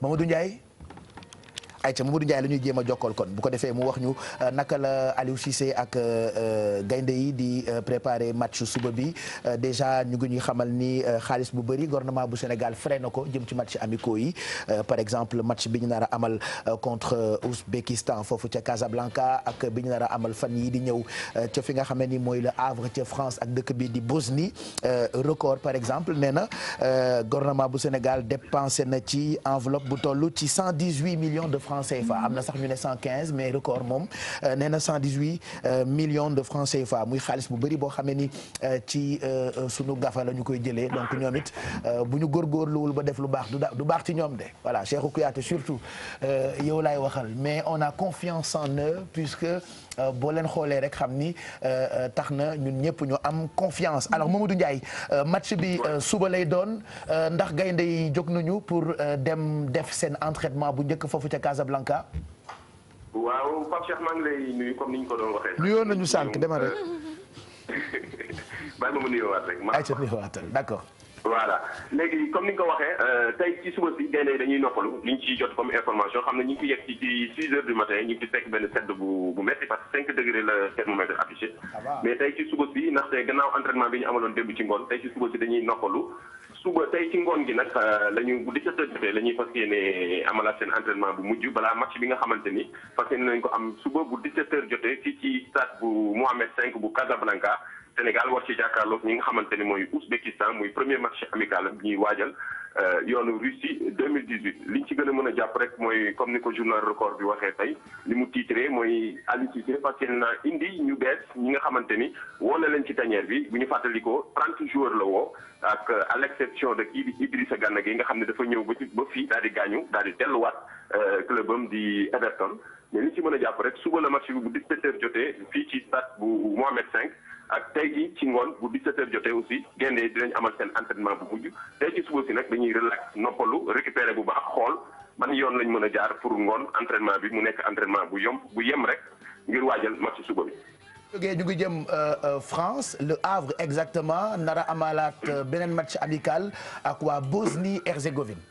Mamadou Ndiaye ayca Mamadou Ndiaye la ñuy jéem a jokkool kon bu ko defee mu wax ñu euh, naka la Aliou Cissé ak euh, euh, gaynde yi di préparer match suba bi déjà ñu ngi ñuy xamal ni xaalis bu bëri gouvernement bu Sénégal freiné na ko jëm ci match amicaux yi par exemple match bi ñu nar a amal contre Ouzbékistan foofu ca Casablanca ak bi ñu nar amal fan yi di ñëw ca fi nga xam ne ni mooy la Havre ca France ak dëkk bi di Bosnie record par exemple nee na gouvernement bu Sénégal dépensé na ci enveloppe bu toll ci 118 millions francs CFA am na sax ñu ne cent quinze mais record moom euh, nee na euh, de francs CFA muy xaalis bu bëri boo xamee ni euh, ci sunu gafa la koy jëlee donc ñoom it bu ñu góorgóorluwul ba def lu baax du baax ci ñoom de voilà Cheikhou Kouyaté surtout yow laay waxal mais on a confiance en eux puisque boo xoolee rek xam ni tax na ñun ñëpp ñu am confiance alors Mamadou Ndiaye match bi suba lay doon ndax gaynde yi jóg nañu pour dem def seen entraînement bu njëkk foofu ca Casablanca. waaw Pape Cheikh maa ngi lay nuyu comme ni ñu ko doon waxee. nuyoon nañu sànq demal rek. bàyyi ma mu waat rek. maa ngi nuyoowaat d'accord. voilà ni nga ko waxee euh, tey ci suba si gaynde dañuy noppalu li ñu ciy jot comme information xam ne ñu ngi fi yegg ci ci six heures du matin ñu ngi fekk benn sedd bu bu métti parce que cinq degré la thermomètre affiché mais tey ci suba si ndaxte gannaaw entraînement bi ñu amaloon démb ci ngoon tey ci suba si dañuy noppalu suba tey ci ngoon gi nag euh, la ñu bu 17 jotee la ñuy fas yéene amalaat seen entraînement bu mujj balaa match bi nga xamante ni fas yéene nañ ko am suba bu 17 jotee fii ci stade bu Mohamed V bu Casablanca Sénégal war ci jàkkaarloog ñi nga xamante ni mooy Ouzbékistan muy premier match amical ñuy waajal. Euh, yoonu Russie li liñ ci gën a mën a jàpp rek mooy comme ni ko journal record bi waxee tey li mu titré mooy Aliou Cissé fas yéene indi ñu bees ñi nga xamante ni woo na leen ci tanière bi bu ñu fàttalikoo 30 joueurs la woo ak à l'exception de kii di Idrissa Gana Gueye nga xam ne dafa ñëw ba ci ba fii daal di gaañu daal di delluwaat euh, club am di Everton mais ñu ci mën a jàpp rek suba la match bi bu 17 jotee fii ci stade bu Mohamed cinq ak tey jii ci ngoon bu 17h jotee aussi gaynde yi dinañ amal seen entraînement bu mujj tey ci suba si nag dañuy relax noppalu récupérer bu baax xool ban yoon lañ mën a jaar pour ngoon entraînement bi mu nekk entraînement bu yomb bu yem rek ngir waajal match suba bi. jógee ñu ngi jëm euh, euh, France Le Havre exactement nara amalaat euh, beneen match amical ak waa Bosnie Herzégovine.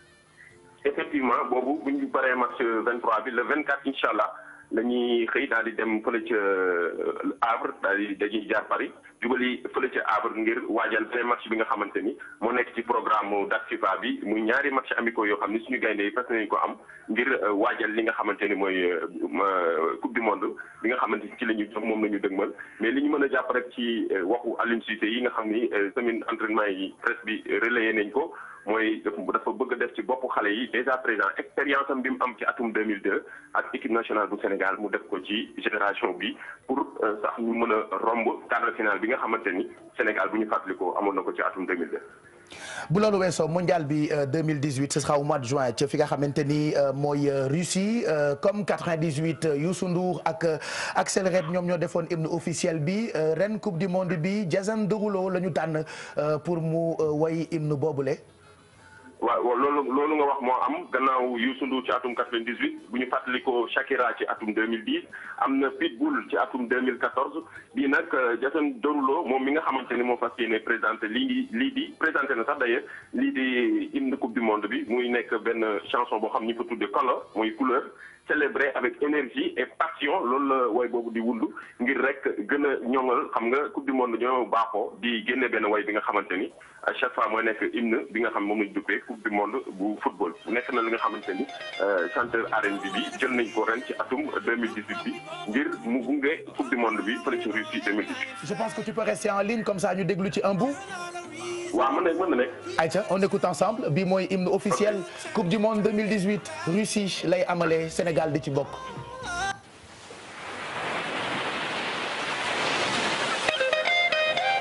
effectivement boobu bu ñu paree match 23 bi vingt 24 incha allah. la ñuy xëy daal di dem fële ca euh, Havre daal di dañuy jaar Paris jubali fële ca Havre ngir waajal beneen match bi nga xamante ni moo nekk ci programme DAC FIFA bi mu ñaari match amicaux yoo xam ni suñu gaynde yi fas nañu ko am ngir euh, waajal li nga xamante ni mooy euh, euh, coupe du monde bi nga xamante ci la ñu jëm moom la ñu dëgmal mais li ñu mën a jàpp rek ci waxu Aliou Cissé yi nga xam ni semaine entraînement yi presse bi relayé nañ ko mooy dafa bëgg def ci bopp xale yi déjà présent expérience bi mu am ci atum 2002 ak équipe nationale bu Sénégal mu def ko ci génération pour sax ñu mën a romb quart bi nga xamante ni Sénégal bu ñu fàttalikoo amoon na ko ci atum bu loolu weesoo mondial bi 2018 euh, ce sera au mois de juin ci fi nga xamante ni euh, mooy euh, Russie comme 98 Youssou Ndour ak Axel ñoom ñoo defoon hymne officiel bi ren coupe du monde bi Jason Derulo la ñu tànn pour mu woy hymne boobule. waaw loolu loolu nga wax moo am gannaaw yu Ndour ci atum 98 bu ñu fàttalikoo Shakira ci atum 2010 am na Pitbull ci atum 2014 bi nag euh, Jason Derulo moom mi nga xamante ni moo fas yéene présenté lii lii di présenté na sax d'ailleurs lii di hymne coupe du monde bi muy nekk benn chanson boo xam ñu ko tuddee color mooy couleur. célébrer avec énergie et passion loolu la way boobu di wund ngir rek gën a ñoŋal xam nga coupe du monde ñoo baaxoo di génne benn way bi nga xamante ni à chaque fois mooy nekk hymne bi nga xam moom lañ duppee coupe du monde bu football nekk na li nga xamante ni euh, chanteur R&B bi jël nañ ko ren ci atum 2018 bi ngir mu gunge coupe du monde bi fële ci Russie 2018. je pense que tu peux rester en ligne comme ça ñu déglu ci un bout. waaw mën na mën na nekk. Aïcha on écoute ensemble bi mooy hymne officiel coupe du monde 2018 lay amalee Sénégal di ci bokk.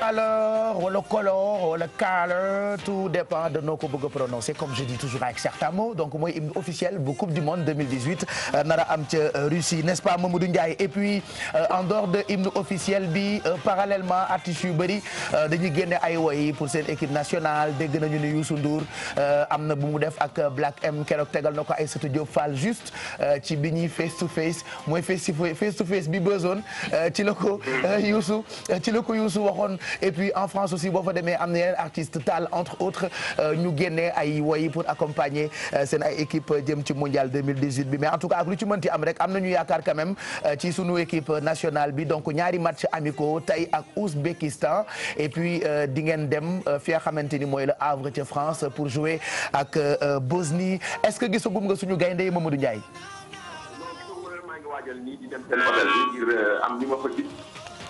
valeur wala color wala color tout dépend de noo ko bëgg a prononcer comme je dis toujours avec certains mots donc mooy hymne officiel bu coupe du monde 2018 euh, nara am ca euh, Russie n'est-ce pas Mamadou Ndiaye et puis euh, en dehors de hymne officiel bi parallèlement artistes yu bari dañuy génne ay woy pour seen équipe nationale dégg nañu ni Youssou Ndour am na bu mu def ak Black M keroog tegal na ko ay Aïssatou Diop Fall juste ci bi ñuy face to face mooy face to face bi besoin ci la ko Youssou la ko waxoon et en France aussi boo demee am na yeneen artistes Tall entre autres euh, ñu génnee ay woy pour accompagner euh, seen ay équipe jëm ci mondial 2018 bi mais en tout cas ak lu ci mënti am rek am nañu yaakaar quand même euh, ci sunu équipe nationale bi donc ñaari match amicaux tey ak Ouzbékistan et puis di ngeen dem fi nga xamante ni mooy la Havre ca France pour jouer ak Bosnie est-ce que gisagum nga suñu gaynde yi Mamadou Ndiaye. waajal nii ma fa gis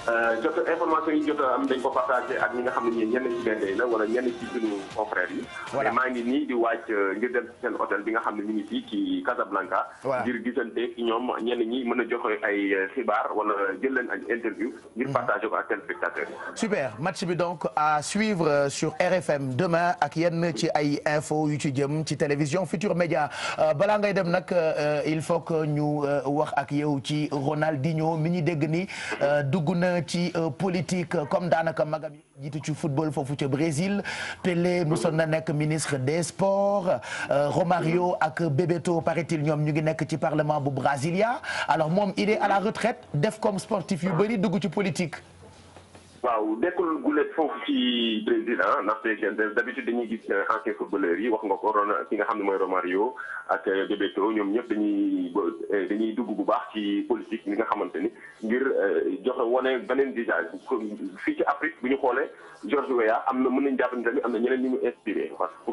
Euh, jot information yi jot am dañ ko partagé ak ñi nga xam ne ñii ñenn ci benn la wala ñenn ci suñu confrères yi. voilà maa ngi nii di wàcc euh, ngir dem seen hôtel bi nga xam ne ñu ngi fii ci Casablanca. ngir gisante ak ñoom ñenn ñi mën a joxe ay euh, xibaar wala jël leen ay interview. ngir mhm. partagé ko ak téléspectateur yi. super match bi donc à suivre sur RFM demain ak yenn ci ay info yu ci jëm ci télévision Futur Média balaa ngay dem nag il faut que ñu wax ak yow ci Ronaldinho mi dégg ni dugg na ci euh, politique euh, comme daanaka magam jiitu ci football foofu ca Brésil Pelé mosoon na nekk ministre des sports euh, Romario ak Bebeto paraît-il ñoom ñu ngi nekk ci parlement bu Brasilia alors moom il est à la retraite def comme sportif yu bëri dugg ci politique waaw dekkul gulet foofu ci Brésil ah ndaxte d'habitude dañuy gis ancien euh, footballeurs yi wax nga ko Ron ki nga xam ne mooy Romario ak euh, Bebeto ñoom ñëpp dañuy euh, dañuy dugg bu baax ci politique li nga xamante ni ngir joxe wane beneen visage fii ci Afrique bu ñu xoolee George Weah am na mën nañu jàpp ni am na ñeneen ñi mu inspiré parce que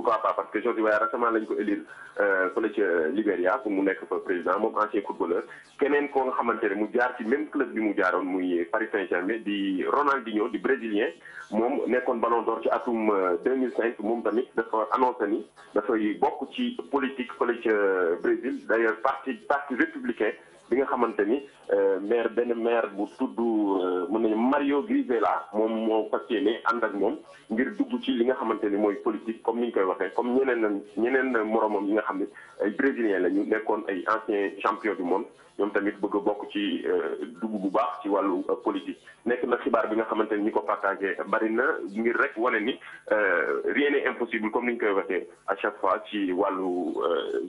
région du waaye récemment lañ ko élire euh, fële ca euh, Libéria pour mu nekk fa président moom ancien footballeur keneen koo nga xamante ne mu jaar ci même club bi mu jaaroon muy Paris Saint-Germain di Ronaldinho di brésilien moom nekkoon ballon d'or ci atum 2005 euh, moom tamit dafa annoncé ni dafay bokk ci politique fële ca Brésil d'ailleurs parti parti républicain bi nga xamante ni Euh, maire benn maire bu tudd euh, mën nañu Mario Grisella moom moo fas yéene ànd ak moom ngir dugg ci li nga xamante ni mooy politique comme ni ñu koy waxee comme ñeneen ñeneen moromam yi nga xam ne ay brésilien la ñu nekkoon ay ancien champion du monde ñoom tamit bëgg a bokk ci euh, dugg bu baax ci wàllu politique. nekk na xibaar bi nga xamante ni ñi ko partagé bari na ngir rek wane ni rien n'est impossible comme ni ñu koy waxee à chaque fois ci wàllu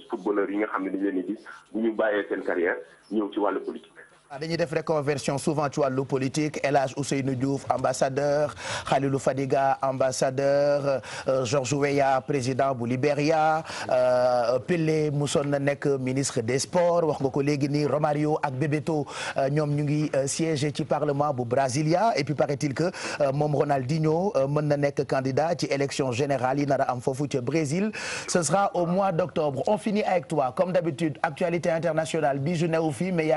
footballeur yi nga xam ne dañ leen di gis bu ñu bàyyee seen carrière ñëw ci wàllu politique. Ah, dañuy def reconversion souvent ci wàllu politique El Hadj Ousseynou Diouf ambassadeur Khalilou Fadiga ambassadeur euh, Georges Weah président bu Libéria euh, Pelé musoon na nekk ministre des sports wax nga ko léegi nii Romario ak Bebeto euh, ñoom ñu ngi siéger ci parlement bu Brasilia et puis paraît-il que moom Ronaldinho mën na nekk candidat ci élection générale yi nar a am foofu ci Brésil ce sera au mois d'octobre on finit avec toi comme d'habitude actualité internationale bi je newu fii mais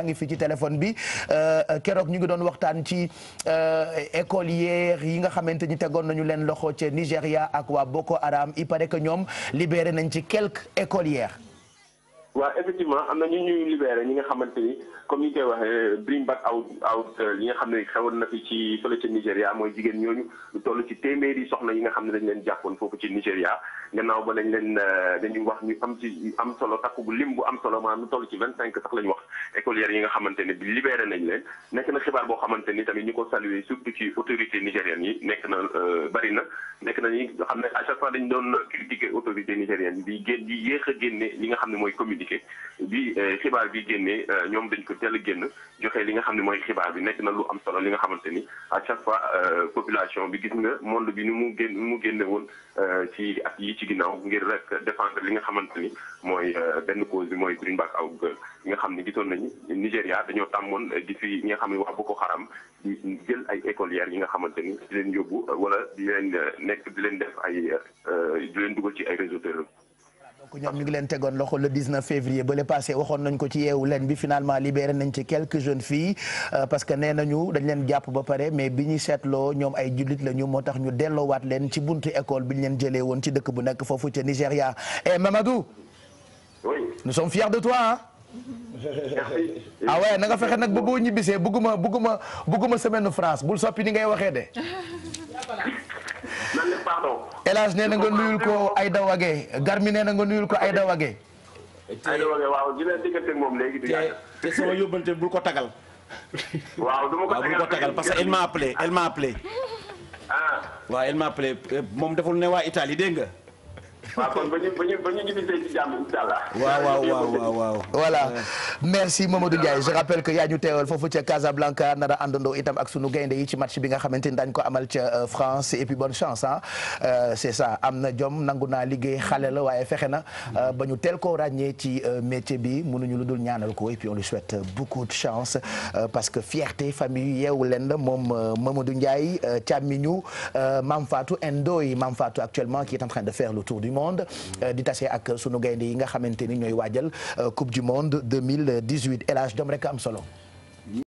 bi euh, keroog ñu ngi doon waxtaan ci euh, écoliers yi nga xamante ni tegoon nañu leen loxo ci Nigéria ak waa Boko Haram il paraît que ñoom libéré nañ ci quelques écolières. waaw effectivement am na ñu ñuy libéré ñi nga xamante ni comme ni ñu koy waxee bring back out out euh, li nga xam ne xewoon na fi ci fële ca Nigéria mooy jigéen ñooñu lu ci téeméeri soxla yi nga xam ne dañ leen jàppoon foofu ci Nigéria. gannaaw ba lañ leen euh, dañuy wax ñu am ci am solo takku bu lim bu am solo maanaam mu toll ci vingt cinq sax la ñu wax écolières yi nga xamante ne bi libéré nañ leen nekk na xibaar boo xamante ni tamit ñu ko saluer surtout ci autorité nigérienne yi nekk na euh, bari na nekk na ñi xam ne à chaque fois dañ doon critiquer autorité nigérienne bi génn di yéex a génne ñi nga xam ne mooy communiqué bi eh, xibaar bi génnee eh, ñoom dañ ko teel a génn joxe li nga xam ne mooy xibaar bi nekk na lu am solo li nga xamante ni à chaque fois eh, population bi gis nga monde bi nu mu génn ni mu génne woon ci at yi ci ginnaaw ngir rek défendre li nga xamante ni mooy benn cause bi mooy Bring Back Our Girls nga xam ne gisoon nañu Nigéria dañoo tàmmoon di fi nga xam ne waa Boko ko di jël ay écolières yi nga xamante ni leen yóbbu wala leen nekk di leen def ay di leen dugal ci ay réseaux donc ñoom ñu ngi leen tegoon loxo le 19 février ba le passé waxoon nañ ko ci yeewu leen bi finalement libéré nañ ci quelques jeunes filles euh, parce que nee nañu dañ leen jàpp ba pare mais bi ñu seetloo ñoom ay jullit la moo tax ñu waat leen ci buntu école bi ñu leen jëlee woon ci dëkk bu nekk foofu ca Nigéria et eh, Mamadou. oui nous sommes fiers de toi ah. merci. ah ouais na nga fexe nag ba boo ñibbisee bugguma bugguma bugguma semaine France bul soppi ni ngay waxee de. pardon. Elage nee na nga nuyul ko Aïda Wagé Garmi nee nga nuyul ko Aïda Wagé. Aïda léegi. te te sama yóbbante bul ko tagal. waaw ko tagal bul ko tagal parce que elle m'a appelé elle ah. euh, moom deful ne waa Italie dégg nga. waaw kon ba ñu ba ñu ba ñu gisee ci jàmm incha allah. waaw waaw waaw voilà merci Mamadou Ndiaye je rappelle que yaa ñu teewal foofu ca Casablanca nar a àndandoo itam ak sunu gaynde yi ci match bi nga xamante ni daañu ko amal ca euh, France et puis bonne chance ah. c'est ça am na jom nangu naa liggéey xale la waaye fexe na euh, ba ñu teel koo ràññee ci métier bi mënuñu lu dul ñaanal ko et puis on lui souhaite beaucoup de chance parce que fierté famille yeewu leen la moom Mamadou Ndiaye càmmiñu Mam Fatou Ndoye Mam Fatou actuellement qui est en train de faire le tour du monde. monde euh, di tase ak sunu gaynde yi nga xamante ni ñooy waajal euh, coupe du monde 2018 El élage dem rek am solo